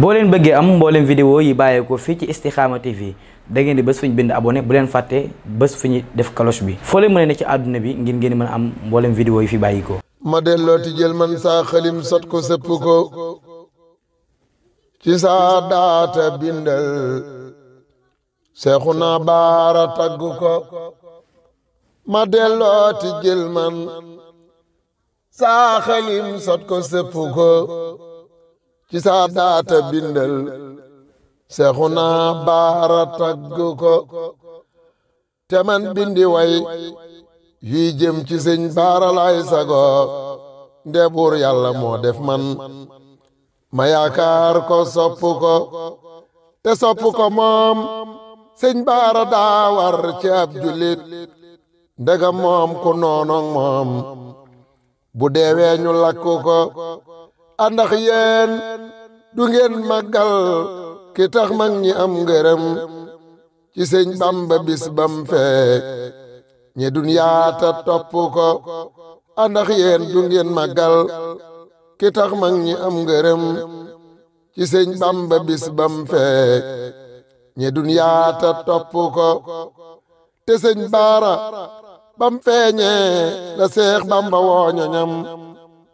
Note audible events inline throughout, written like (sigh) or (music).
boo leen bëggee am mbooleem vidéo yi bàyyeekoo fii ci Istikhama TV da ngeen di bés fu ñu bind abonné bu leen fàtte bés fu ñu def cloche bi foo leen mën ci àdduna bi ngir ngeen mën am mbooleem vidéo yi fi bàyyikoo ma dellooti jël man saa xalim sot ko sëpp ko ci saa daata jël man saa xalim sot ko sëpp ko ci saadaata bindal seexuna baara tagg te man bindi way yuy jëm ci sëñ baara laay sago ndebuur yàlla moo def man ma yaakaar ko sopp ko te sopp ko moom sëñ baara daa war ab jullit ndega moom ku noonog moom bu deewee ñu andax yéen du ngeen màggal ki tax mag ñi am ngërëm ci sëñ bamba bis bam fee ñi dunyaata topp ko andax yéen du ngeen màggal ki tax mag ñi am ngërëm ci sëñ bamba bis bam fee ñi dunyaata topp ko te sëñ baara bam feeñee la seex bamba woo ñoñam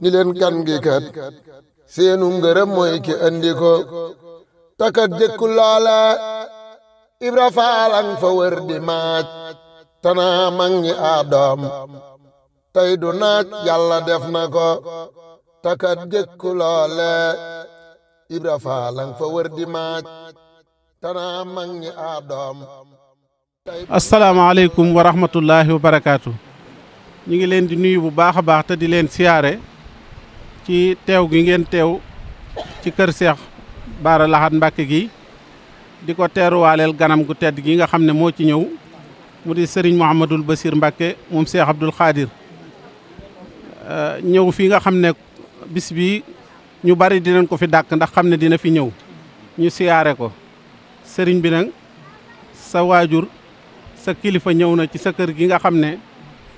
ni leen gan gi kat seenu ngërëm mooy ki andi ko takat jëkku loola ibra faalang fa wër di maaj tanaa mag ñi aadoom tey du naaj yàlla def na ko takat jëkku loole ibra faalang fa wër di maaj tanaa mag ñi aadoom asalaamaaleykum wa rahmatullahi wa barakaatu. ñu ngi leen di nuyu bu baax a baax te di leen siyaare ci teew gi ngeen teew ci kër Seex Baara Laxat Mbàkke gi di ko teeruwaaleel ganam gu tedd gi nga xam ne moo ci ñëw mu di sëriñ Mouhamadul Basir Mbàkke moom Seex Abdul Xaadir ñëw fi nga xam ne bis bi ñu bari dinañ ko fi dàkk ndax xam ne dina fi ñëw ñu siyaare ko sëriñ bi nag sa waajur sa kilifa ñëw na ci sa kër gi nga xam ne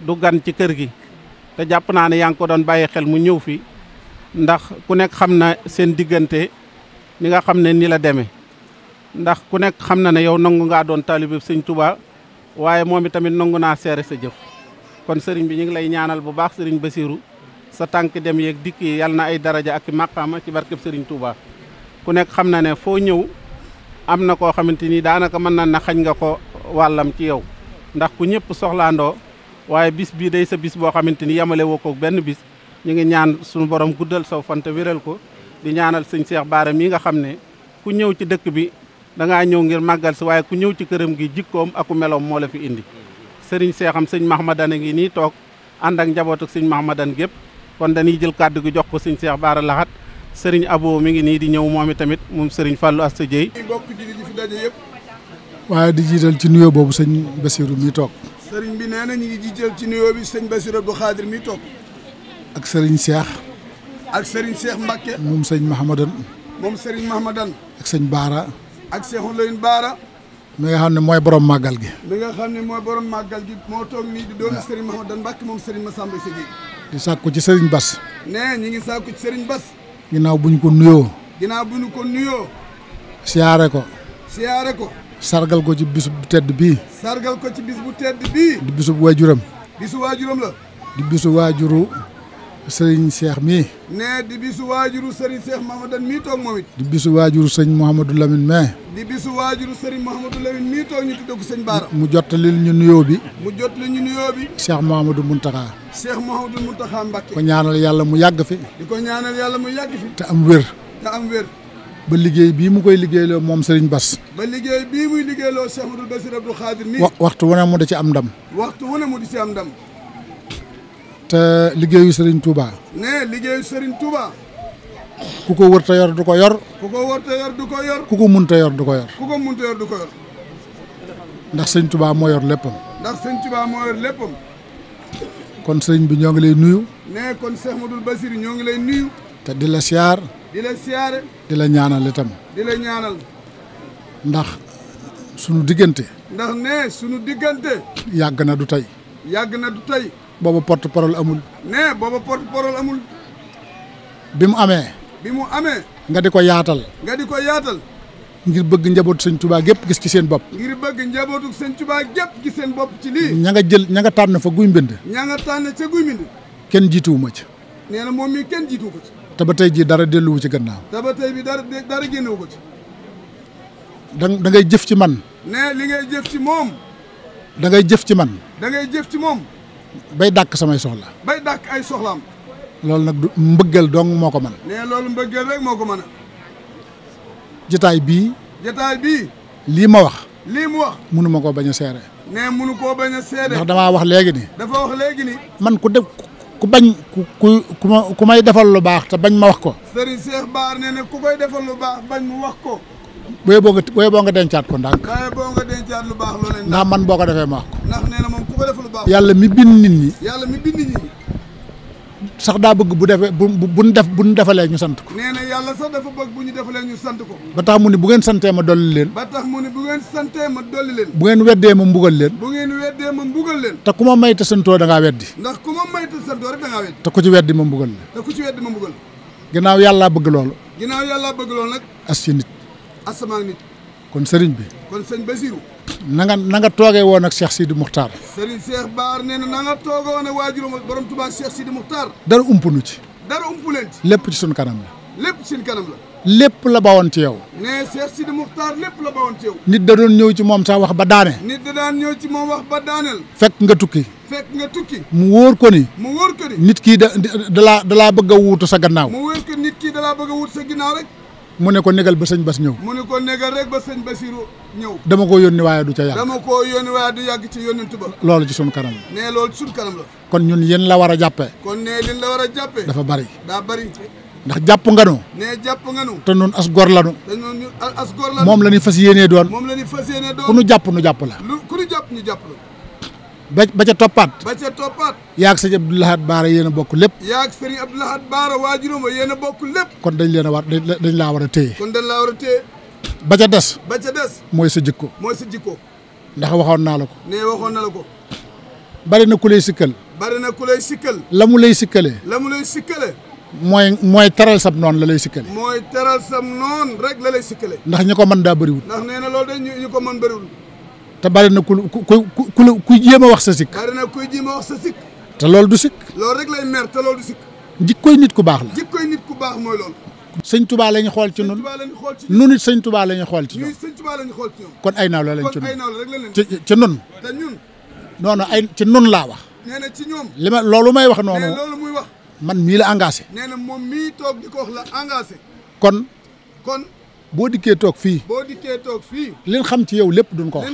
du gan ci kër gi te jàpp naa ne yaa ngi ko doon bàyyi xel mu ñëw fi ndax ku nekk xam na seen diggante ni nga xam ne ni la demee ndax ku nekk xam na ne yow nangu ngaa doon taalibe sëñ Tuubaa waaye moom tamit nangu naa seere sa jëf kon sëriñ bi ñu ngi lay ñaanal bu baax sëriñ Basiiru sa tànk dem yeeg dikk yi yàlla na ay daraja ak i màqaama ci barkeb sëriñ Tuubaa ku nekk xam na ne foo ñëw am na koo xamante ni daanaka mën na na xañ nga ko wàllam ci yow ndax ku ñëpp soxlaandoo waaye bis bii day sa bis boo xamante ni yemale ko benn bis ñu ngi ñaan suñu borom guddal saw fanta wéral ko di ñaanal sëñ seex Bara mii nga xam ne ku ñëw ci dëkk bi dangaa ñëw ngir màggal si waaye ku ñëw ci këram gi jikkoom aku meloom moo la fi indi sëriñ seexam sëñ mahamadan a ngi nii toog ànd ak njabootu sëñ mahamadan gépp kon dañuy jël kàddu gi jox ko sëñ Cheikh Bara Lahat sëriñ abo mi ngi nii di ñëw moom tamit moom sëriñ Fallou Asta Dieye di fi waaye di jiital ci nuyoo boobu sëñ Basiru mi toog sëriñ bi ci nuyoo bi sëñ Basiru mi toog ak Serigne Cheikh. ak Serigne seex Mbacke. moom sëñ Mahamadan. moom Serigne Mahamadan. ak sëñ Baara. ak Cheikhou Leyine Baara. mi nga xam ne mooy borom màggal gi. mi nga xam ne mooy moo toog nii di doon Serigne Mahamadan Mbacke moom Serigne Massamba Sy di ko ci Serigne Bass. nee ñi ngi sàkku ci Serigne Bass. ginnaaw bu ñu ko nuyoo. ginnaaw bu ñu ko nuyoo. siyaare ko. siyaare ko. sargal ko ci bis bu tedd bii. sargal ko ci bis bu tedd bii. di bisu waajuram. bisu waajuram la. di bisu sëriñ Cheikh mii. nee di bisu waajuru sëriñ Cheikh Mahamadan mii toog moom di bisu waajuru sëñ Mouhamadou Lamine mais. di bisu waajuru sëriñ Mouhamadou Lamine mii toog ñu tuddee ko sëñ Baara. mu jottali ñu nuyoo bi. mu jottali ñu nuyoo bi. Cheikh Mouhamadou Mountakha. Cheikh Mouhamadou Mountakha Mbacké. ko ñaanal yàlla mu yàgg fi. di ko ñaanal yàlla mu yàgg fi. te am wér. te am wér. ba liggéey bii mu koy liggéeyloo moom Serigne Bass. ba liggéey bii muy liggéeyloo Cheikh Abdoul Basir Abdou Khadir waxtu wu ne mu ci am ndam. waxtu wu ne di ci ndam. te liggéeyu Serigne Touba. ne liggéeyu sëriñ Touba. ku ko wër yor du ko yor. ku ko wër yor du ko yor. ku ko mun yor du ko yor. ndax sëñ Touba moo yor léppam. ndax sëñ Touba moo yor léppam. kon sëriñ bi ñoo ngi lay nuyu. ne kon Cheikh Madou Basir ñoo ngi lay nuyu. te di la siyaar. di la siyaare. di la ñaanal itam. di la ñaanal. ndax sunu diggante. ndax ne sunu diggante. yàgg na du tey. yàgg na du tey. booba porte parole amul. nee booba porte parole amul. bi mu amee. bi mu amee. nga di ko yaatal. nga di ko yaatal. ngir bëgg njabootu sëñ Tuubaa gépp gis ci seen bopp. ngir bëgg njabootu sëñ Tuubaa gépp gis seen bopp ci lii. ña nga jël ñanga tànn fa guy mbind. ña nga tànn ca guy mbind. kenn jiituwu ma ci. nee moom mii kenn jiituwu ko ci. te ba tey jii dara delluwu ci gannaaw. te ba tey bi dara dara génnewu ko ci. da da jëf ci man. nee li ngay jëf ci moom. da ngay jëf ci man. da ngay jëf ci moom. bay dàkk samay soxla. bay dàkk ay soxlaam. loolu nag du mbëggal dong moo ko man nee loolu mbëggal rek moo ko man a. jotaay bii. jotaay bii. lii ma wax. lii mu wax. munu ma koo bañ a seere. nee munu koo bañ a seere. ndax damaa wax léegi ni dafa wax léegi ni man ku def ku bañ ku ku ku may defal lu baax te bañ ma wax ko. Serigne Cheikh Bara nee na ku koy defal lu baax bañ mu wax ko. booy boo nga dencaat ko ndànk waaye boo nga dencaat lu baax loolee ndax man boo ko defee maax ko ndax nee na moom ku ko def lu yàlla mi bind nit ñi yàlla mi sax daa bëgg bu defee bu buñ def buñ defalee ñu sant ko nee na yàlla bu ñu defalee sant ko ba tax mu ne bu ngeen santee ma dolli leen ba tax mu ne bu ngeen santee ma dolli leen bu ngeen weddee ma mbugal leen bu ngeen ku ma may te santoo da ngaa weddi ndax ku ma may te santoo rek da weddi te ku ci weddi ma mbugal la te ku ci weddi ma mbugal ginnaaw yàlla bëgg loolu ginnaaw yàlla bëgg nag as asamaan nit kon sëriñ bi kon sëñ ba na nga na nga toogee woon ak Cheikh Sidi Muxtaar sëriñ Cheikh Baar nee na na nga toogee woon ak waajuram borom Tuubaa Cheikh Sidi Muxtaar dara umpunu ci dara umpu leen ci lépp ci sun kanam la lépp ci suñu kanam la lépp la bawoon ci yow ne Cheikh Sidi Muxtaar lépp la bawoon ci yow nit da doon ñëw ci moom sax wax ba daane nit da daan ñëw ci moom wax ba daaneel fekk nga tukki nga tukki mu wóor ko ni mu wóor ko ni nit kii da dalaa dalaa bëgg a wuutu sa gannaaw mu nit kii dalaa bëgg a sa ginnaaw rek mu ne ko négal ba sëñ Bas ñëw mu ne ko négal rek ba sëñ Basiru dama koo yónni waaye du ca yàgg dama koo yónni waaye du yàgg ci yónnentu ba loolu ci suñ kanam la ne loolu ci kanam la kon ñun yéen la war a jàppee kon ne la war a jàppee dafa bari daa bari ndax jàpp nga nu ne jàpp nga nu te nun as gor la nu te nun as gor la moom la ñu fas yéenee doon moom la ñu fas nu jàpp nu jàpp la ku nu jàpp ñu jàpp la ba ba ca toppaat ba ca toppaat yaag sëñ Abdou Lahad Baara yéen a bokk lépp yaag sëñ Abdou Lahad Baara waajuram yéen a bokk lépp kon dañ leen a war dañ laa war a téye kon dañ laa war a téye ba ca des ba ca des mooy sa jikko mooy sa ndax waxoon naa la ko ne waxoon na la ko bari na ku lay sikkal bari na ku lay sikkal la mu lay sikkalee la mu lay sikkalee mooy mooy teral sam noon la lay sikkale mooy teral sam noon rek la lay sikkale ndax ñu ko man daa bëriwul ndax nee na loolu de ñu ko mën bëriwul te bari na ku ku ku ku jéem ma wax sa sikk. bari na kuy jéem sa sikk. loolu du sikk. loolu rek lay mer te loolu du sikk. jikkoy nit ku baax la. jikkoy nit ku baax mooy loolu. sëñ Touba la xool ci ñun ñun it sëñ Touba la ñu xool ci ñoom kon ay naaw la lañ ci ñun ci ci ñun. non non ay ci ñun laa wax. nee na ci ñoom. li ma loolu may wax noonu. loolu muy wax. man mii la engagé. nee na moom mii toog di ko la engagé. kon. kon. boo dikkee toog fii. boo fii. liñ xam ci yow lépp duñ ko wax.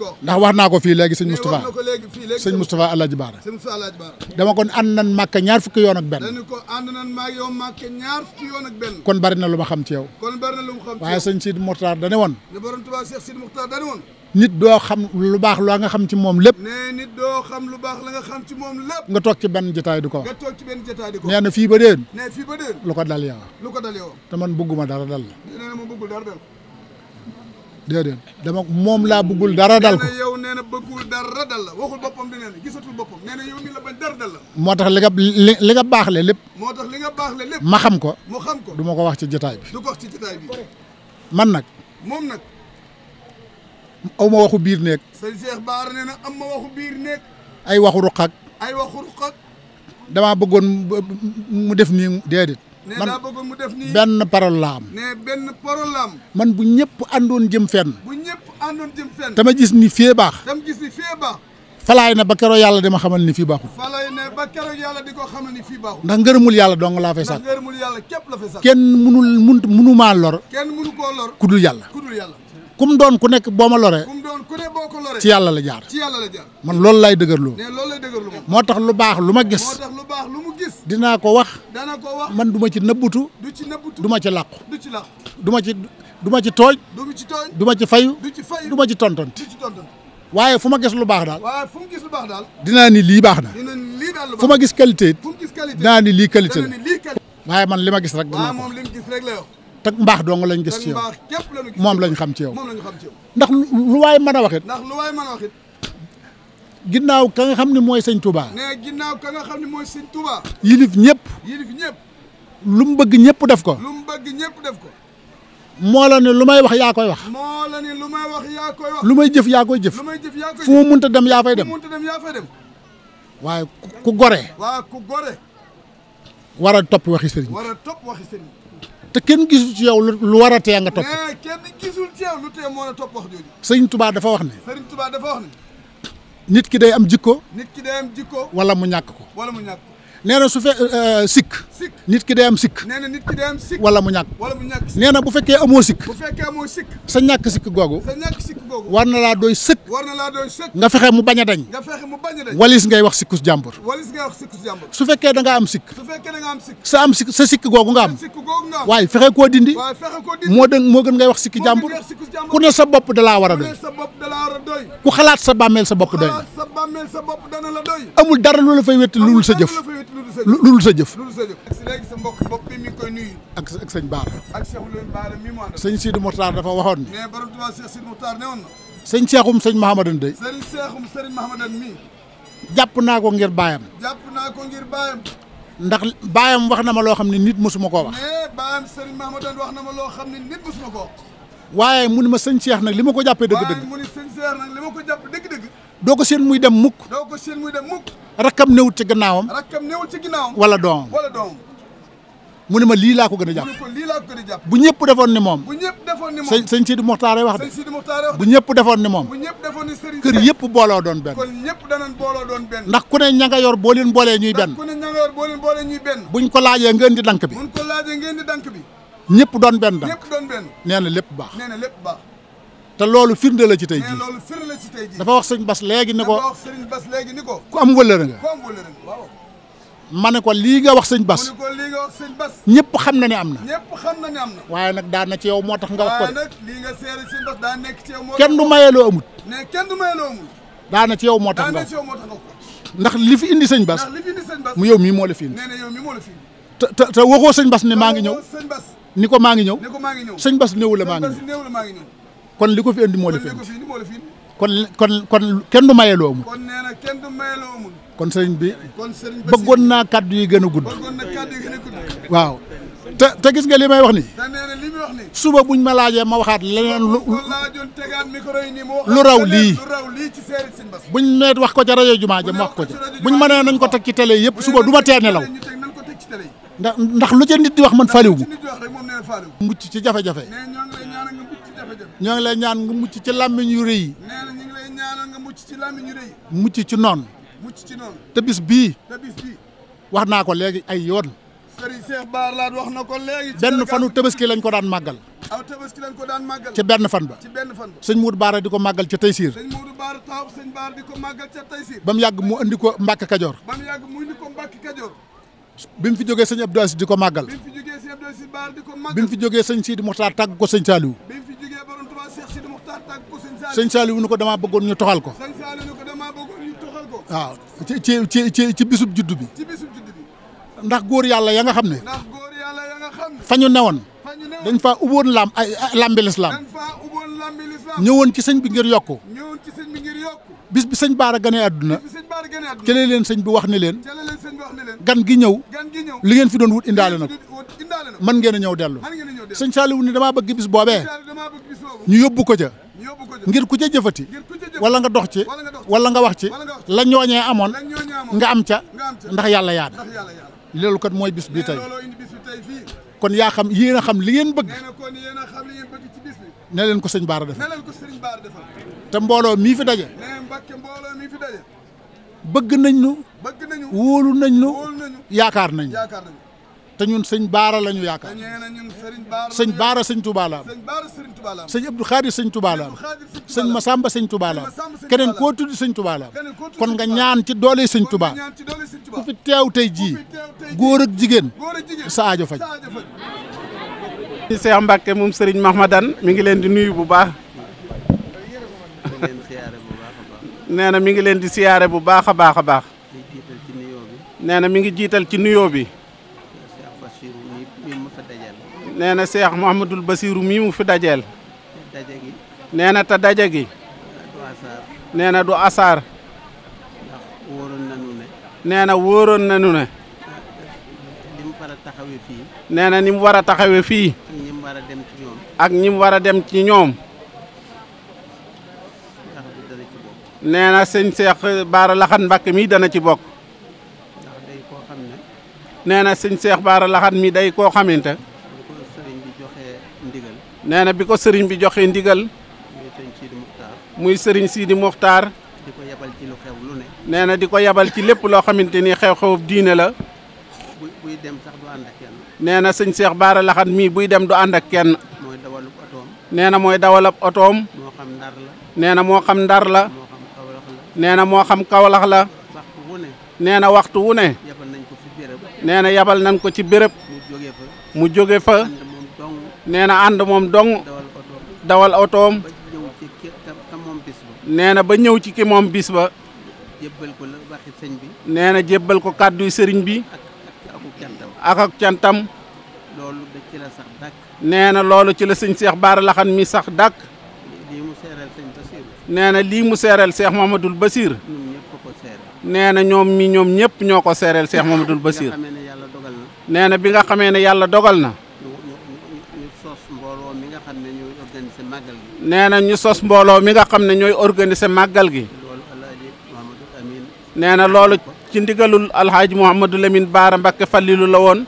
ko ndax wax naa ko fii léegi sëñ Moustapha. wax na ko léegi fii sëñ Moustapha Alaaji Baara. sëñ Moustapha Alaaji Baara. dama kon ànd nan màkk ñaar fukki yoon ak benn. dañu ko ànd nan màkk yow màkk ñaar fukki yoon ak benn. kon bari na lu ma xam kon bari na lu ma xam ci yow waaye sëñ Sidi Mokhtar dane woon. ne borom Tuubaa Cheikh Sidi Mokhtar dane woon. nit doo xam lu baax loo nga xam ci moom lépp. nee xam lu baax la nga xam ci moom lépp. nga toog ci benn jotaay di ko wax. nga ci benn jotaay di ko wax. nee na fii ba déen. nee fii lu ko dal yow. te man bëgguma dara dal la. nee na moom laa bëggul dara dal ko yow nee na bëggul dara dal la waxul boppam moo tax li nga li li nga baaxle lépp moo tax li ma xam ko mu xam ko du ma ko wax ci jotaay bi ci man nag moom nag aw ma waxu biir néeg sëñ Cheikh Baar nee na am ma ay waxu ruq ak ay waxu ruq bëggoon mu def nii déedéet nee daa bëggoon mu def benn parole la am benn parole la man bu ñëpp àndoon jëm fenn bu ñëpp àndoon dama gis ni fee baax dama gis ni falaay na ba keroog yàlla dama xamal ni fii baaxul falaay na ba yàlla di ko xamal ni fii baaxul ndax ngërëmul yàlla dong laa fay sax ndax ngërëmul képp la fay sax kenn munul mun munu lor kenn munu koo lor ku dul yàlla ku yàlla kum doon ku nekk boo ma loree. kum boo ko loree. ci yàlla la jaar ci yàlla man loolu lay dëgërlu. nee loolu lay dëgërlu moo tax lu baax lu ma gis. moo baax lu dinaa ko wax. dana ko wax man duma ci nëbbutu. du ci nëbbutu du ma ci làqu. du ci làqu du ma ci du ma ci tooñ. du ci tooñ du ma ci fayu. du ci fayu du ma waaye fu ma gis lu baax daal. waaye fu mu daal. dinaa ni lii baax na. lii daal lu fu ma gis qualité. fu mu gis qualité dinaa ni lii qualité la. waaye man li ma gis rek. dinaa ko moom li mu gis te mbaax dong lañ gis ci yow moom lañ xam ci yow ndax lu waay mën a waxit ndax lu waay a waxit ginnaaw ka nga xam ne mooy sañ Touba ne ginnaaw ka nga xam ne mooy sëñ Touba yilif ñëpp yilif lu mu bëgg ñëpp def ko lu mu bëgg ñëpp def ko moo la ne lu may wax yaa koy wax moo la lu may wax lu may jëf yaa koy jëf lu may jëf yaa koy jëf fu mu munta dem yaa fay dem fu mu dem yaa fay waaye ku gore waaw ku gore war topp waxi sëriñ war a waxi te kenn gisul ci yow lu war a tee nga topp. mais kenn gisul ci yow lu tee moo la topp wax jooju. sëriñ Touba dafa wax ne. sëriñ Touba dafa nit ki day am jikko. nit ki day am jikko. wala mu ñàkk ko. wala mu ñàkk ko. nee na su fe euh, euh, sikk nit ki day am sikk nee na nit ki wala mu ñàkk wala mu na bu fekkee amoo sikk bu fekkee amoo sikk sa ñàkk sikk googu sa ñàkk sikk googu war na laa doy sëkk war na laa doy nga fexe mu bañ a dañ nga fexe mu bañ a dañ walis ngay wax sikkus jàmbur walis ngay su fekkee da nga am sikk su fekkee da nga am sikk sa am sikk sa sikk googu nga am waaye fexe koo dindi waaye fexe koo dindi moo dën moo gën ngay wax sikki jàmbur ku ne sa bopp da laa war a doy a doy ku xalaat sa bàmmeel sa bopp doy sa bàmmeel sa bopp la doy amul dara lu la fay wétti lul sa jëf lu dul sa jëf. ak si léegi sa mbokk bopp mi ngi koy nuyu. ak ak sëñ Baara. ak Cheikh Loum Baara mi mu ànd. sëñ Sidou dafa waxoon ni. na. sëñ Cheikhum sëñ Mahamadan day. sëñ Cheikhum jàpp naa ko ngir baayam. jàpp naa ko ngir baayam. ndax baayam wax na ma loo xam ne nit mosuma koo wax. mais baayam ma loo xam ne nit koo wax. waaye mu ma sëñ Cheikh nag li ma ko jàppee dëgg-dëgg. waaye sëñ Cheikh nag li ma ko jàpp dëgg-dëgg doo ko seen muy dem mukk. doo ko seen muy dem mukk. rakkam newul ci gannaawam. rakkam newul ci gannaawam. wala doomam wala doomam. mu ne ma lii jàpp bu ñëpp defoon ni moom. bu ñëpp defoon ni moom wax de. bu ñëpp defoon ni moom. bu ñëpp defoon kër yëpp booloo doon benn. kon ñëpp booloo doon benn. ndax ku ne ña nga yor boo leen boolee ñuy benn. ndax ku ne ña nga yor buñ ko laajee ngeen di dank bi. buñ ko laajee ngeen di dank ñëpp doon ben dank. ñëpp doon benn. nee lépp baax. nee na lépp te loolu firnde la ci tey jii loolu firnde la dafa wax sëñ Bas léegi ni ko dafa wax léegi ni ko am wëllëre nga ku am wëllëre nga waaw ma ne ko lii nga wax sëñ Bas ma ne ko sëñ Bas ñëpp xam na ne am na ñëpp xam na ne am waaye nag daan na ci yow moo tax nga wax ko nag kenn du mayee loo amut ne kenn du mayee loo daan na ci yow moo tax nga ndax li fi indi sëñ Bas ndax li fi indi sëñ Bas mu yow mii la fi indi nee na yow te te waxoo sëñ Bas Bas ni ko ngi ñëw ni ko maa ngi ñëw sëñ Bas néewu la maa ngi ñëw kon li ko fi indi moo la fi indi kon kon kon kenn du maye loo kon nee na kon sëriñ bi. kon sëriñ bi bëggoon naa kàddu yi gën a gudd. bëggoon waaw te gis nga li may wax nii. suba buñ ma laajee ma waxaat leneen lu. raw lii. buñ nee wax ko ca rajo Jumaa ja ma wax ko ca buñ mënee nañ ko teg ci télé yëpp suba du ma tee nelaw. ndax ndax lu ca nit di wax man faliwu mu mucc ci jafe-jafe. ñoo ngi lay ñaan nga mucc ci làmmiñ yu rëy ñu ngi mucc ci làmmiñ yu mucc ci noonu. mucc ci noonu. te bii. te wax naa ko léegi ay yoon. Serigne Cheikh Bara Lahad wax na ko léegi. benn fanu tabaski lañ ko daan màggal. aw tabaski lañ ko daan màggal. ci benn fan ba. ci benn fan sëñ Mourou Baara di ko màggal ca Taysiir. sëñ Mourou ko màggal ca Taysiir. ba mu yàgg mu andi ko Mbàkke Kajoor. ba mu yàgg bi mu fi jógee sëñ Abdou di ko màggal. bi mu fi jógee sëñ Abdou ko màggal. bi mu fi jógee sëñ Sidi Moxtaar tàgg ko sëñ Saliou. sëñ Saliou ni ko damaa bëggoon ñu toxal ko. damaa bëggoon ñu toxal ko. waaw ci ci ci ci bisub juddu bi. ci ndax góor yàlla ya nga xam ne. ndax ne. fa newoon. dañ faa uboon lam ay lambi lislaam. dañ faa ubboon ñëwoon ci sëñ bi ngir yokku. ñëwoon bi ngir yokku. bis bi sëñ Baara gane àdduna. bis bi sëñ Baara bi wax ne leen. cëlee leen sëñ gan gi ñëw. gan gi ñëw li ngeen fi doon wut indaale na ko. man ngeen a dellu. mën ngeen a ñëw dellu. sëñ Saliou ne damaa bëgg bis boobee. ñu yóbbu ko ca. ngir ku ca jëfati wala nga dox ci wala nga wax ci la ñooñee amoon nga am ca ndax yàlla yaa da loolu kat mooy bis bii tey kon yaa xam yéen a xam li ngeen bëgg ne leen ko sëñ Baara defal te mbooloo mii fi daje bëgg nañ nu wóolu nañ nu yaakaar nañ te ñun sëñ Baara la ñu yaakaar sëñ Baara sëñ Touba sëñ Abdou Khadir sëñ Touba la am sëñ Massamba sëñ Touba la keneen koo tudd sëñ Touba kon nga ñaan ci doole sëñ Touba ku fi teew tey jii góor ak jigéen sa aajo faj. ci Cheikh Mbacke moom Serigne Mahmadan mi ngi leen di nuyu bu baax nee na mi ngi leen di siyaare bu baax a baax a baax nee na mi ngi jiital ci nuyoo bi. nee na seex Muhammadul Basiiru mii mu fi dajeel. nee na te daje gi. nee na du asaar. nee na wóoroon nañu ne. nee na ni mu war a taxawee fii. ak ñim mu war a dem ci ñoom. nee na sëñ Seex Baara Laxan Mbàkke mii dana ci bokk. nee na sëñ Seex Baara Laxan mii day koo xamante. nee na bi ko sëriñ bi joxee ndigal. muy sëriñ Sidi di ko yabal ci lu xew lu nee na di ko yabal ci lépp loo xamante ni xew-xew diine la. buy buy dem sax ànd nee na sëñ Cheikh Bara Lahad mii buy dem du ànd ak kenn. mooy nee na mooy dawalab otoom. moo xam ndar la. nee na moo xam ndar la. moo nee na moo xam kawlax la. waxtu nee na waxtu wu ne. yabal nañ ko ci béréb. nee na yabal nañ ko ci béréb. mu jóge fa. nee na ànd moom dong dawal otoom nee na ba ñëw ci ki moom bis ba jébbal ko la bi nee na jébbal ko kàdduy sëriñ bi ak ak cantam loolu na loolu ci la sëñ seex Bara Laxan mi sax dàkk lii mu na lii mu seeral Cheikh Mamadou Basir nee na ñoom mi ñoom ñëpp ñoo ko seeral Cheikh Mamadou Basir nee na bi nga xamee ne yàlla dogal na nee na ñu sos mbooloo mi nga xam ne ñooy organiser màggal gi. nee na loolu ci ndigalul alxaaji Mouhamadou Lamine Baara Mbakke Fallilu la woon.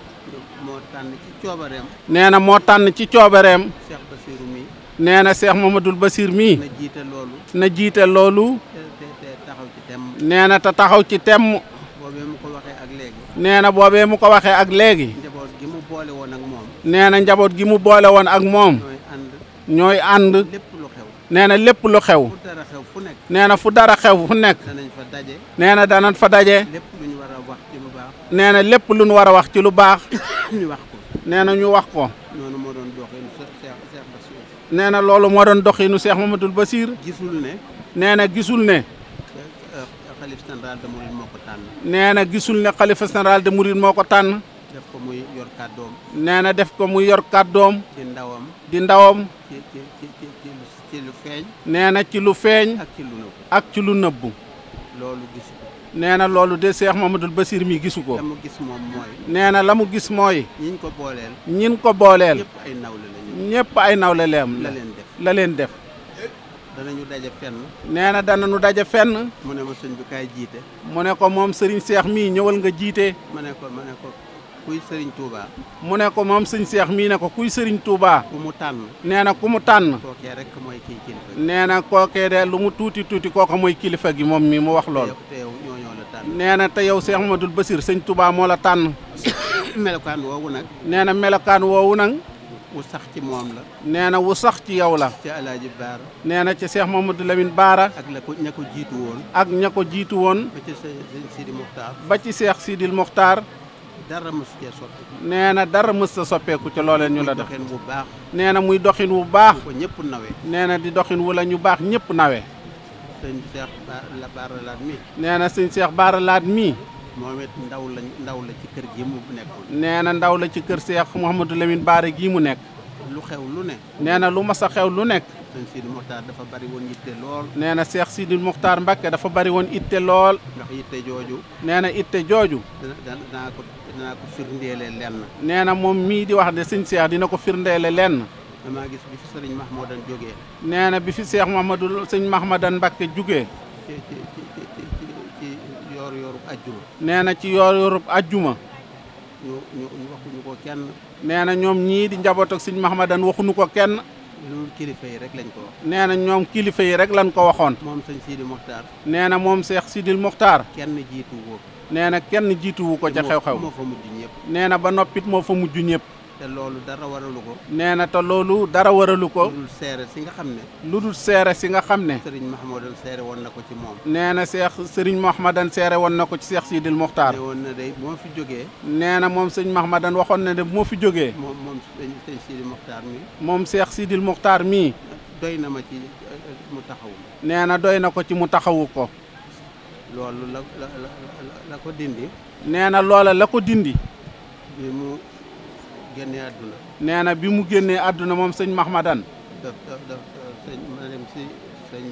nee na moo tànn ci coobareem. nee na seex Mamadul Basir mii. na jiite loolu. nee na te taxaw ci temm. nee na boobee mu ko waxee ak léegi. nee na njaboot gi mu boole woon ak moom. ñooy ànd. nee na lépp lu xew. nee na fu dara xew fu nekk. nee na danañ fa daje. nee na lépp lu ñu war a wax ci lu baax. (coughs) nee na ñu wax ko. nee na loolu moo doon doxinu Cheikh Mamadou Bassir. gisul ne. nee na gisul ne. xalif général de Mouride moo ko tànn. nee na gisul ne xalifa général de Mouride moo ko tànn. def ko muy yor kàddoom. nee na def ko muy yor kàddoom. di ndawam di ndawam. ci lu nee na ci lu feeñ. ak ci lu nëbbu ak ci lu nëbbu. loolu gisu ko. nee na loolu de Cheikh Mamadou Bassir mi gisu ko. la mu gis moom nee na la mu gis mooy. ñiñ ko booleel. ñiñ ko booleel. ñëpp ay nawle lañu. ñëpp ay nawle leem la leen def la leen def. danañu daje fenn. nee na danañu daje fenn. mu ne ma jiite. mu ne ko moom Serigne Cheikh mii ñëwal nga jiite. ma ne ma ne kuy sëriñ Touba. mu ne ko moom sëñ Seex mii ne ko kuy sëriñ Touba. ku mu tànn. nee na ku mu tànn. kookee rek mooy kii kilifa nee na kookee de lu mu tuuti tuuti kooka mooy kilifa gi moom mii mu wax lool. nee na te yow Seex Mamadul Basir sëñ Touba moo la tànn. (coughs) melokaan woowu nag. nee na melokaan woowu nag. wu sax ci moom la. nee na wu sax ci yow la. ci Alaaji Baara. nee na ci Cheikh Mamadou Lamine Baara. ak la ko ña ko jiitu woon. ak ña ko jiitu woon. ba ci Cheikh Sidil Mokhtar. dara mës cee soppeeku. nee na dara mës sa soppeeku ci looleen ñu la def. doxin wu baax. nee na muy doxin wu baax. ko ñëpp nawee. nee na di doxin wu la ñu baax ñëpp nawee. sëñ Cheikh Baaralaat mii. nee na sëñ Cheikh Baaralaat mii. moom ndaw la ndaw la ci kër gii mu nekk nee na ndaw la ci kër Cheikh Mouhamadou Lamine Baara gii mu nekk. lu xew lu ne. nee na lu mas a xew lu nekk. sëñ Sidi Mokhtar dafa bari woon itte lool. nee na Cheikh Sidi Mokhtar Mbacke dafa bari woon itte lool. ndax itte jooju. nee na itte jooju. dana dana dinaa ko firndeele lenn. nee na moom mii di wax ne sëñ seex dina ko firndeele lenn. damaa gis bi fi sëriñ Mahmoudan jógee. nee na bi fi seex Mahmadul sëñ Mahmadan Mbakke jógee. ci ci ci ci yoor yoorub ajjuma. nee na ci yoor yoorub ajjuma. ñu ñu waxuñu ko kenn. nee na ñoom ñii di njaboot ak sëñ Mahmadan waxuñu ko kenn. loolu kilifa yi rek lañ ko wax. nee na ñoom kilifa yi rek lañ ko waxoon. moom sëñ Sidi Mokhtar. nee na moom seex Sidil Mokhtar. kenn jiitu woo. nee na kenn jiituwu ko ca xew-xew nee na ba noppit moo fa mujj ñëpp te loolu dara waralu ko nee na te loolu dara waralu ko lu seere si nga xam ne lu dul seere si nga xam ne sëriñ Mahamadan seere woon na ko ci moom nee na seex sëriñ Mahamadan seere woon na ko ci seex Sidil Muxtaar nee woon na day bu fi jógee nee na moom sëriñ Mahamadan waxoon na de bu ma fi jógee moom moom sëriñ Sidil Muxtaar mii moom seex Sidil Muxtaar mii doy na ma ci mu taxawu nee na doy na ko ci mu taxawu ko loolu la la ko dindi. nee na loola la ko dindi. bi mu génnee àdduna. nee na bi mu génnee àdduna moom sëñ Mahmadan. daf daf daf sëñ ma dem si sëñ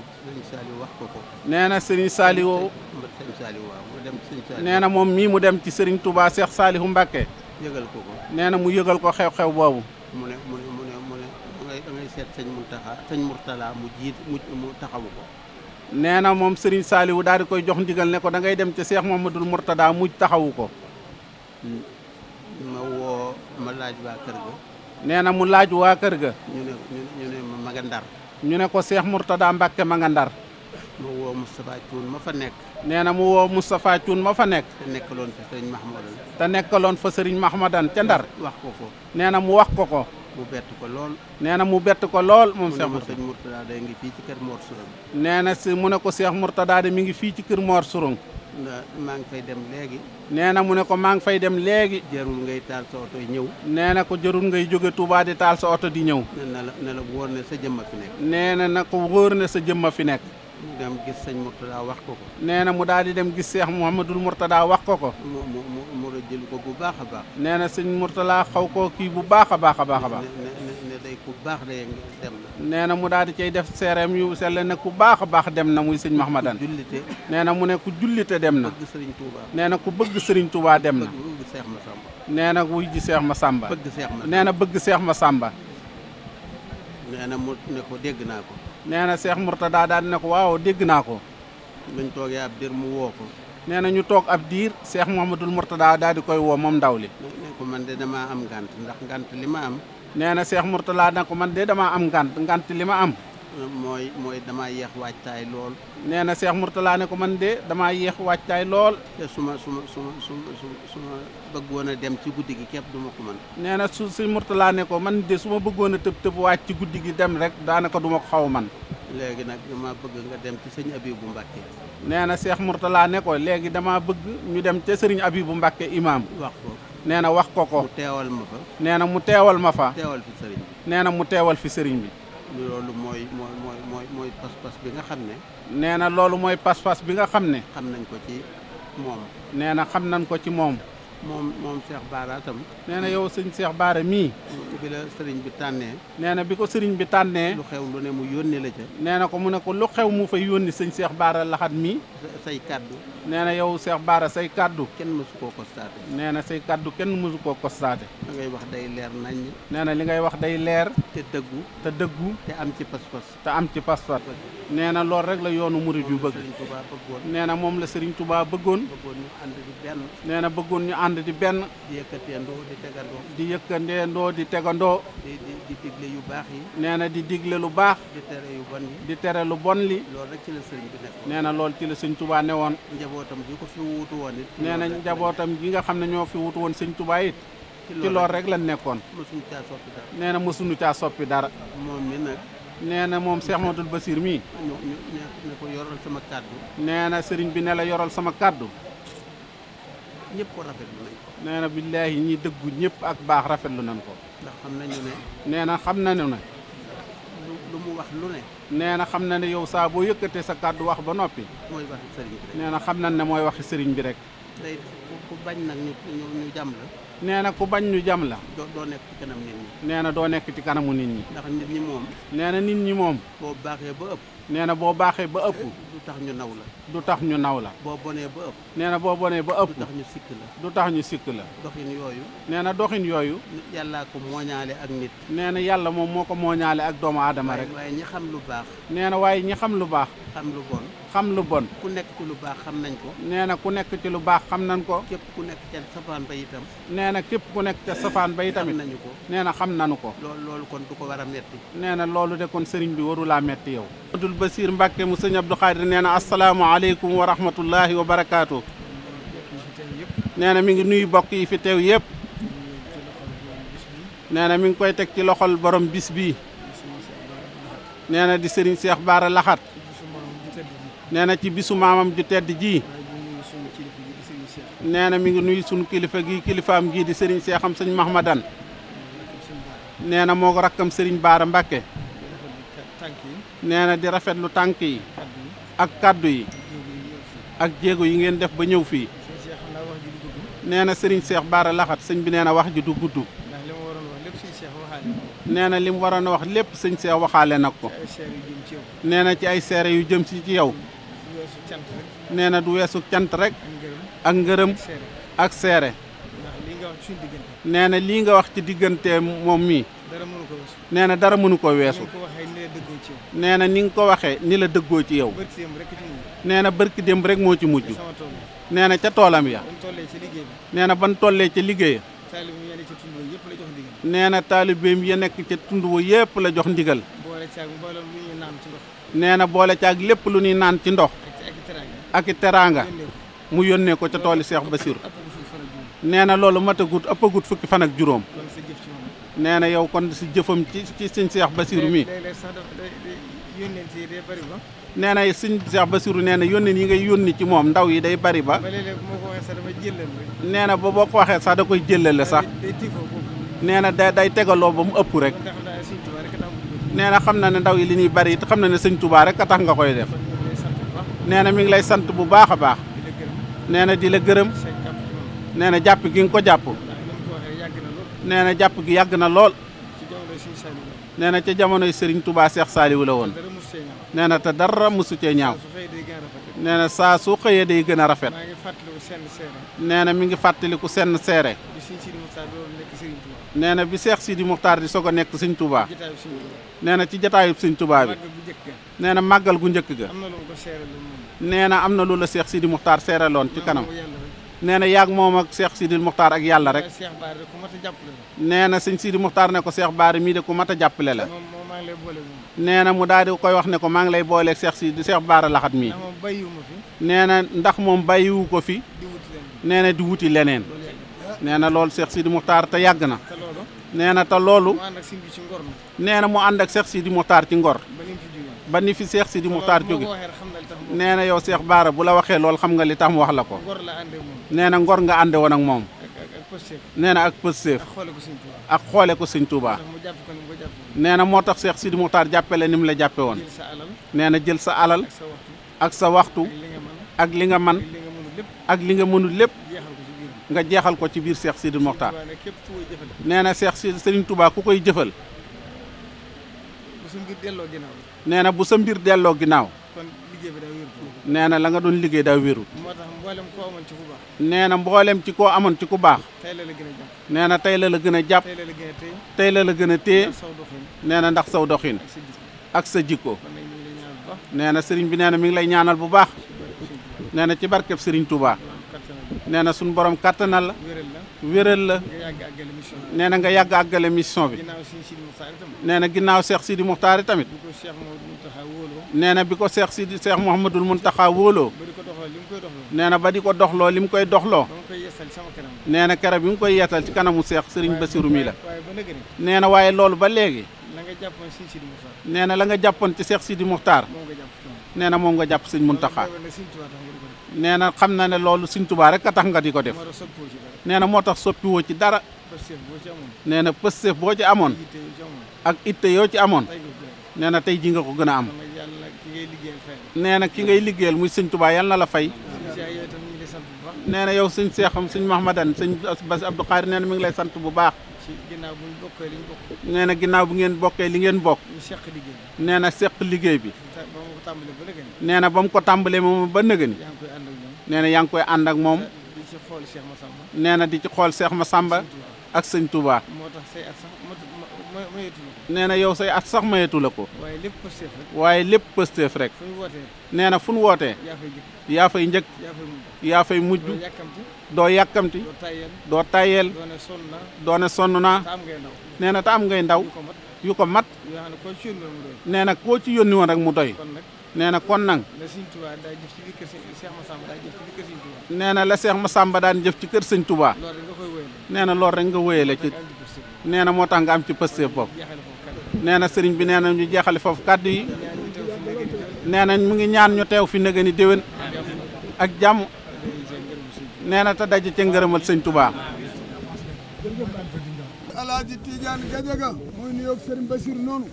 sëñ wax ko ko. nee na sëñ Saliou. sëñ Saliou waaw mu dem sëñ Saliou. nee na moom mii mu dem ci sëriñ Touba Cheikh Saliou Mbacké. yëgal ko ko. nee na mu yëgal ko xew-xew boobu. mu ne mu ne mu mu ne da ngay seet sëñ Mountakha sëñ Mourtala mu jiit mu taxawu ko. nee na moom Serigne Saliou daal di koy jox ndigal ne ko dangay dem ca Cheikh Mamadou Mourtada muj taxawu ko. ma woo ma laaj waa kër ga. nee na mu laaj waa kër ga. ñu ne ñu ne ko Cheikh Mourtada Mbacke ma nga ndar. mu woo Moustapha Thioune ma fa nekk. nee na mu woo Moustapha Thioune ma fa nekk. te nekkaloon fa Serigne Mahmadan. te nekkaloon fa Serigne Mahmadan ca ndar. wax ko ko nee na mu wax ko ko. mu bett ko lool. nee na mu bett ko lool moom. Cheikh Mourtada mu ne ko sëñ Mourtada de mi ngi fii ci kër Mor Sourang. nee na si mu ne ko Cheikh Mourtada de mi ngi fii ci kër Mor Sourang. maa ngi fay dem léegi. nee na mu ne ko maa ngi fay dem léegi. jarul ngay taal sa oto ñëw. nee na ko jarul ngay jóge Touba di taal sa oto di ñëw. nee na la na la wóor ne sa jëmma fi nekk. nee na na ko wóor ne sa jëmma fi nekk. dem gis sëñ Mourtada wax ko ko. nee na mu daal di dem gis seex Mouhamadul Mourtada wax ko ko. mu mu mu rëjël ko bu baax a baax. nee na sëñ Mourtada xaw koo kii bu baax a baax a baax a baax. ne day ku baax day nee na mu daal di cay def seereem yu sell ne ku baax a baax dem na muy sëñ Mahmadan. jullite nee na mu ne jullite dem na. bëgg nee na ku bëgg sëriñ Touba dem na. bëgg seex ma Samba. nee na wuy ji seex ma Samba. bëgg seex ma nee na bëgg seex ma sàmba nee na mu ne ko dégg naa ko. nee na Cheikh Mourtada daal dina ko waaw dégg naa ko. nañ toogee ab diir mu woo ko. nee na ñu toog ab diir Cheikh Mouhamadul Mourtada daal di koy woo moom ndaw li. ne ko man de damaa am ngant ndax ngant li ma am. nee na Cheikh Mourtada ne ko man de damaa am ngant ngant li ma am. mooy mooy damaa yeex waajtaay lool. nee na Cheikh Mourtala ne ko man de damaa yeex waajtaay lool. su ma su ma su su su ma bëggoon a dem ci guddi gi képp du ko mën. nee na su si Mourtala ne ko man de su ma bëggoon a tëb tëb waaj ci guddi gi dem rek daanaka duma ma ko xaw man léegi nag dama bëgg nga dem ci sëñ Abibu Mbàkke nee na Cheikh Mourtala ne ko léegi dama bëgg ñu dem ca sëriñ Abibu Mbàkke imaam wax ko nee na wax ko ko mu teewal ma fa nee na mu teewal ma fa sëriñ nee na mu teewal fi sëriñ bi loolu mooy mooy mooy mooy mooy pas-pas bi nga xam ne. nee na loolu mooy pas bi nga xam ne. xam nañ ko ci moom. nee na xam nañ ko ci moom. moom moom Cheikh Baara tam. nee na yow sëñ Cheikh Baara mii. bi la sëriñ bi tànnee. nee na bi ko sëriñ bi tànnee. lu xew lu ne mu yónni la ca. nee na ko mu ne ko lu xew mu fay yónni sëñ seex Baara laxat mii. say kàddu nee na yow Cheikh Baara say kàddu kenn mësu koo constaté. nee na say kàddu kenn mësu koo constaté. li ngay wax day leer naññ. nee na li ngay wax day leer. te dëggu. te dëggu. te am ci pas-pas. te am ci pas-pas. nee na loolu rek la yoonu murid yu bëgg nee na moom la Serigne tubaa bëggoon nee na bëggoon ñu ànd di benn di yëkkateendoo di tegandoo di yëkkandeendoo di tegandoo di digle yu baax yi nee na di digle lu baax di tere yu bon yi di tere lu bon li loolu rek ci la Serigne bi nekk nee na loolu ci la Serigne ne woon njabootam gi ko fi wuutu woon it nee na njabootam gi nga xam ne ñoo fi wuutu woon Serigne Touba it ci loolu rek la nekkoon nee na mësuñu caa soppi dara moom mi nag nee na moom Cheikh Modou Basir mii. ne ko yoral sama kàddu. nee na sëriñ bi ne la yoral sama kàddu. ñépp ko rafetlu nañ ko. nee dëggu ñëpp ak baax rafetlu nañ ko. ndax xam nañu ne. nee na xam nañu ne. lu mu wax lu ne. nee na xam na ne yow saa boo yëkkatee sa kàddu wax ba noppi. mooy waxi sëriñ nee na xam nañ ne mooy waxi sëriñ bi rek. day ku bañ nag ñu ñu jàmm la. nee na ku bañ ñu jam la. doo doo nekk ci kanam nit ñi. nee na doo nekk ci kanamu nit ñi. ndax nit ñi moom. nee na nit ñi moom. boo baaxee ba ëpp. nee na boo baaxee ba ëpp. du tax ñu naw la. du tax ñu naw la. boo bonee ba ëpp. nee na boo bonee ba ëpp. du ñu sikk la. du tax ñu sikk la. doxin yooyu. nee na doxin yooyu. yàllaa ko mooñaale ak nit. nee na yàlla moo ko mooñaale ak doomu aadama rek. waaye ñi xam lu baax. nee na waaye ñi xam lu baax. xam lu bon. xam lu bon. ku nekk ci lu baax xam nañ ko. nee na ku nekk ci lu baax xam nañ ko. képp ku nekk ca safaan ba itam. nee na képp ku nekk ca safaan bay tamit nee na xam nanu ko loolu war a nee na loolu de kon sëriñ bi warulaa metti yow Abdul Basir Mbàkke mu sëñ Abdou Xaadir nee na asalaamaaleykum wa rahmatullahi wa barakaatu nee na mi ngi nuyu bokk yi fi teew yëpp nee na mi ngi koy teg ci loxol borom bis bii nee na di sëriñ Seex Baara Laxat nee na ci bisu maamam ju tedd ji nee na mi ngi nuyu sunu kilifa gi kilifaam gii di sëriñ Seexam sëñ Mahmadan nee na moo ko rakkam sëriñ Baara Mbàkke nee na di rafetlu tànk yi ak kàddu yi ak jéego yi ngeen def ba ñëw fii nee na sëriñ Seex Baara Laxat sëñ bi nee na wax ji du gudd nee na li mu waroon a wax lépp sëñ Seex waxaale nag ko nee na ci ay seere yu jëm si ci yow neena du weesu cant rek ak ngërëm ak seere nee na lii nga wax ci diggante moom mii nee na dara mënu ko weesu nee na ni nga ko waxee ni la dëggoo ci yow nee na bërki démb rek moo ci mujj nee na ca toolam ya nee na ban tollee ca liggéeya nee na taalibeem ya nekk ca tund wa yépp la jox ndigal nee na boole caag lépp lu ñuy naan ci ndox ak i teraanga mu yónnee ko ca tooli Seex Basiru nee na loolu matagut ëppagut fukki fan ak juróom nee na yow kon si jëfam ci ci sëñ Seex Basiru mi nee na sëñ Seex Basiru nee na yónneen yi ngay yónni ci moom ndaw yi day bari ba nee na ba boo ko waxee sax da koy jëlale sax nee na da day tegaloo ba mu ëpp rek nee na xam na ne ndaw yi li ñuy bari it xam na ne sëñ Tuubaa rek a tax nga koy def nee na mi ngi lay sant bu baax a baax nee na di la gërëm nee na jàpp gi nga ko jàpp nee na jàpp gi yàgg na lool nee na ca jamonoy sëriñ tubaa Seex Saaliwu la woon nee na te dara mosu cee ñaaw nee na saa su xëyee day gën a rafet nee na mi ngi ku senn seere nee na bi Seex Sidi Muxtaar di soog a nekk Sëñ Touba nee na ci jataayub Sëñ tubaa bi nee na màggal gu njëkk ga. nee na am na lu la Cheikh Sidi Muxtaar loon ci kanam. nee na yaag moom ak Cheikh Sidi Muxtaar ak yàlla rek. nee na sëñ Sidi Muxtaar ne ko Cheikh Baari mii de ku mat a jàppale la. nee na mu daal di koy wax ne ko maa ngi lay booleeg Cheikh Sidi Cheikh Baara Laxat mii. nee na ndax moom bàyyiwu ko fi. nee na di wuti leneen. nee na loolu Cheikh Sidi Muxtaar te yàgg na. nee na te loolu. nee na mu ànd ak Cheikh Sidi Muxtaar ci ngor. ba ni fi Seex Sidi Muxtaar jóge nee na yow Seex Baara bu la waxee lool xam nga li tax mu wax la ko nee na ngor nga ànde woon ak moom nee na ak pëstéef ak xoole ko sëñ Tuubaa nee na moo tax Seex Sidi Muxtaar jàppale ni mu la jàppe woon nee na jël sa alal ak sa waxtu ak li nga man ak li nga mënul lépp nga jeexal ko ci biir Seex Sidi Moxtaar nee na Seex Sidi Sëriñ Tuubaa ku koy jëfal nee na bu sa mbir delloo ginnaaw. kon nee na la nga doon liggéey daa wérul. moo tax mboolem ci ku nee na mboolem ci koo amoon ci ku baax. tey la la a nee na tey la la gën a jàpp. tey la la gën a tey la la gën a téye. nee na ndax saw doxin. ak sa jikko. nee na sëriñ bi nee na mi ngi lay ñaanal bu baax. nee na ci barkeb sëriñ Touba. nee na suñu borom kàttanal la. wéral la nee na nga yàgg àggale mission bi. nee na ginnaaw Cheikh Sidi Muxtaar tamit. nee na bi ko Cheikh Sidi Cheikh Mouhamadul Muntaxa wóoloo. nee na ba di ko doxloo li mu koy doxloo. nee na kere bi mu koy yeetal ci kanamu Cheikh Serigne Bassirou mi la. nee na waaye loolu ba léegi. nee na la nga jàppoon ci seex Sidi Muxtaar. nee na moom nga jàpp Serigne Muntaxa. nee na xam na ne loolu Sëñ Tuubaa rek a tax nga di ko def nee na moo tax soppiwoo ci dara nee na pëstef boo ci amoon ak itte yoo ci amoon nee na tey ji nga ko gën a am nee na ki ngay liggéeyal muy Sëñ Tuubaa yal na la fay nee na yow sëñ seexam sëñ mahmadan sëñ bas abdou xaari nee na mi ngi lay sant bu baax nee na ginnaaw bu ngeen bokkee li ngeen bokk nee na seq liggéey bi nee na ba mu ko tàmbalee moom ba nëgëni. nee na yaa koy ànd ak moom. nee na di ci xool seex ma sàmba ak sëñ Touba. nee na yow say at sax mayetu la ko. waaye lépp pësteef rek. nee na fu nu wootee. yaa fay njëkk. yaa fay mujj. doo yàkkamti. doo tayeel. doo ne sonn naa. nee na te am ngay ndaw. yu ko mat. nee na koo ci yónni woon rek mu doy. nee na kon nag. la Sëñ Touba daa jëf ci nee na la Cheikh Massamba daan jëf ci kër Sëñ tubaa loolu rek nga koy wéyale. nee na loolu rek nga wéyale ci. nee na moo tax nga am ci pëste bopp. nee na sëriñ bi nee na ñu jeexale foofu kàddu yi. nee na mu ngi ñaan ñu teew fi nëgëni déwén. ak jàmm. nee na te daje ngërëmal Sëñ tubaa Alaaji Tidiane Gadiaga mooy nuyoo Sëriñ Bachir noonu.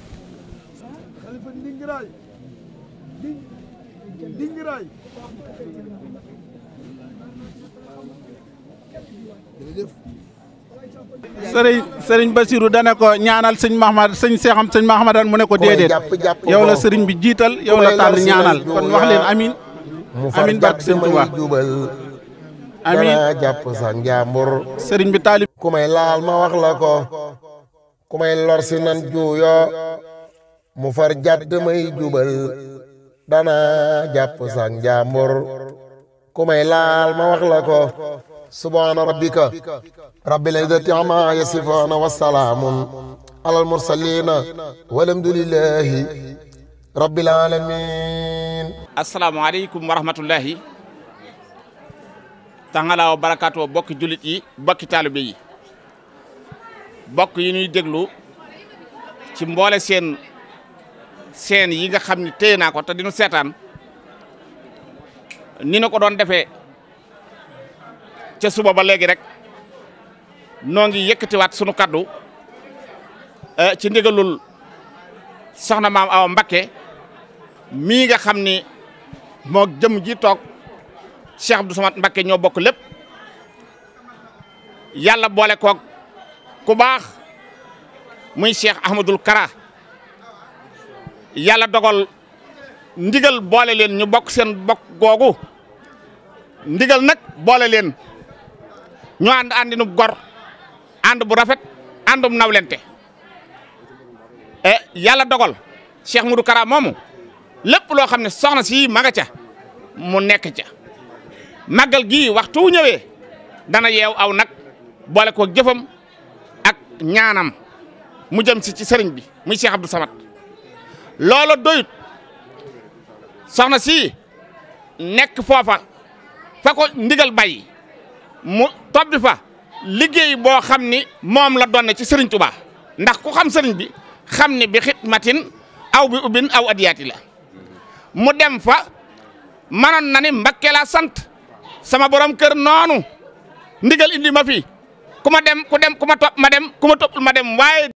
xalifa Ndingiraay Dingiraay sëriñ sëriñ Basirou dana ko ñaanal sëñ Mahmad sëñ Seexam sëñ Mahmadan mu ne ko déedéet yow la sëriñ bi jiital yow la tànn ñaanal kon wax leen amin amin barke sëñ Tuubaa amin jàpp sa njàmbur bi taalib ku may laal ma wax la ko ku may lor nan juuyoo mu far jàdd may jubal dana jàpp sang jàmbur ku may laal ma wax ko subhaana rabbika rabbil izzati amma yasifuuna wa salaamun mursaliina walhamdulillahi rabbil aalamiin asalaamaaleykum wa rahmatullahi taala wa barakaatu bokki jullit yi bokki taalibe yi bokk yi ñuy déglu ci mboole seen seen yi nga xam ni téye naa ko te dinu seetaan ni na ko doon defee ca suba ba léegi rek noo ngi yëkkatiwaat sunu kaddu eh, ci ndigalul soxna maam Awa Mbakke mii nga xam ni moo jëm ji toog Cheikh Abdou Samad Mbakke ñoo bokk lépp yàlla boole koog ku baax muy Cheikh Ahmadul Kara yàlla dogal ndigal boole leen ñu bokk seen bokk googu ndigal nag boole leen ñu ànd àndinu gor ànd bu rafet àndum nawlente e yàlla dogal Cheikh Modou Kara moomu lépp loo xam ne soxna si ma ca mu nekk ca màggal gi waxtu ñëwee dana yeew aw nag boole ko jëfam ak ñaanam mu jëm si ci sëriñ bi muy Cheikh Abdou Samad loola doyut soxna si nekk foofa fa ko ndigal bay mu tobbi fa liggéey boo xam ni moom la doon ci sëriñ Tuubaa ndax ku xam sëriñ bi xam ni bi xitmatin aw bi ubbin aw adiyaati la mu dem fa manoon na ni sant sama boroom kër noonu ndigal indi ma fi ku dem ku dem ku topp ma dem ku ma ma dem waaye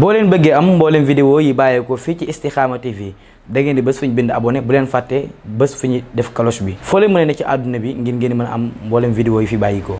boo leen bëggee am mbooleem vidéo yi bàyyeekoo fii ci Istikhama TV da ngeen di bés fu ñu bind abonné bu leen fàtte bés fu ñu def cloche bi foo leen mën a ne ci àdduna bi ngir ngeen mën a am mbooleem vidéo yi fi bàyyikoo